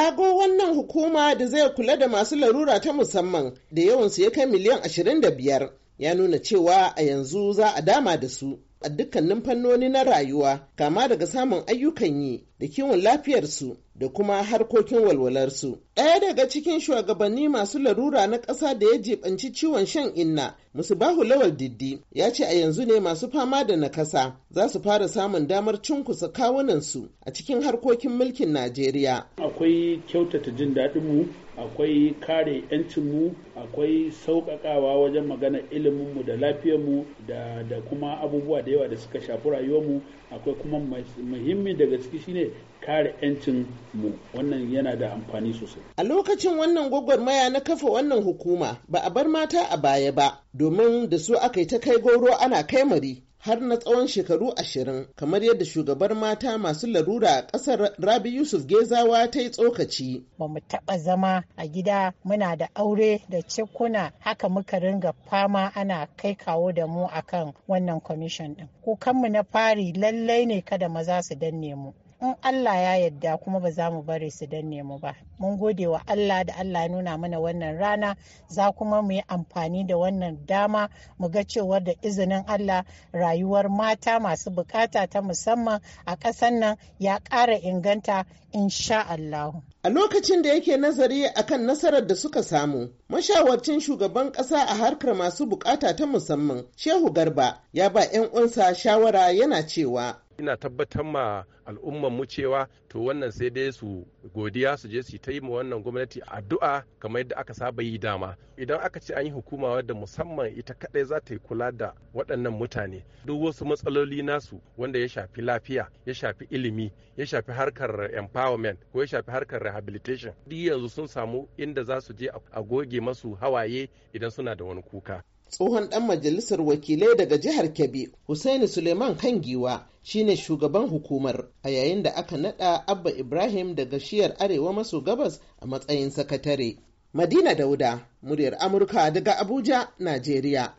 Ƙago wannan hukuma da zai kula da masu larura ta musamman da yawansu ya kai miliyan 25 ya nuna cewa a yanzu za a dama da su. a dukkanin fannoni na rayuwa kama daga samun ayyukan yi da kiwon lafiyarsu da kuma harkokin walwalarsu. Ɗaya daga cikin shugabanni masu larura na ƙasa da ya jibanci ciwon shan inna, musu bahu Lawal Diddi, ya ce a yanzu ne masu fama da nakasa za su fara samun damar cunkusa kawunansu a cikin harkokin mulkin Najeriya. Akwai kyautata jin daɗinmu, akwai kare 'yancinmu, akwai sauƙaƙawa wajen magana iliminmu da lafiyarmu da kuma abubuwa da da yawa da suka shafi rayuwarmu akwai kuma muhimmi daga ciki shine kare 'yancin mu wannan yana da amfani sosai. A lokacin wannan gwagwarmaya na kafa wannan hukuma ba a bar mata a baya ba domin da su aka yi ta kai goro ana kai mari har na tsawon shekaru ashirin kamar yadda shugabar mata masu larura a ƙasar rabi yusuf gezawa ta yi tsokaci ba mu taɓa zama a gida muna da aure da cikuna haka muka ringa fama ana kai kawo da mu akan wannan kwamishin ɗin kukanmu na fari lallai ne kada maza su danne mu in Allah ya yarda kuma ba za mu bari su danne mu ba mun gode wa Allah da Allah ya nuna mana wannan rana za kuma mu yi amfani da wannan dama mu ga cewa da izinin Allah rayuwar mata masu bukata ta musamman a ƙasar nan ya ƙara inganta insha Allah a lokacin da yake nazari akan nasarar da suka samu mashawarcin shugaban ƙasa a harkar masu bukata ta musamman Shehu Garba ya ba 'yan unsa shawara yana cewa ina tabbatar ma al'ummar mu cewa to wannan sai dai su godiya su je su ta yi ma wannan gwamnati addu'a kamar yadda aka saba yi dama idan aka ce an yi hukuma wadda musamman ita kadai za ta yi kula da waɗannan mutane duk wasu matsaloli nasu wanda ya shafi lafiya ya shafi ilimi ya shafi harkar empowerment ko ya shafi harkar rehabilitation duk yanzu sun samu inda za su je a goge masu hawaye idan suna da wani kuka tsohon ɗan majalisar wakilai daga jihar Kebbi Hussaini Suleiman Kangiwa shine shugaban hukumar a yayin da aka naɗa Abba Ibrahim daga shiyar Arewa maso gabas a matsayin sakatare. Madina Dauda, muryar Amurka daga Abuja, Najeriya.